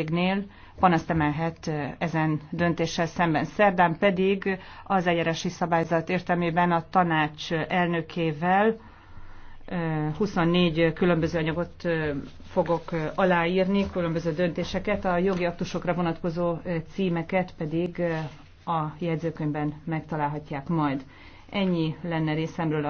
ügyészségnél panaszt emelhet ezen döntéssel szemben. Szerdán pedig az eljárási szabályzat értelmében a tanács elnökével 24 különböző anyagot fogok aláírni, különböző döntéseket, a jogi aktusokra vonatkozó címeket pedig a jegyzőkönyvben megtalálhatják majd. Ennyi lenne részemről a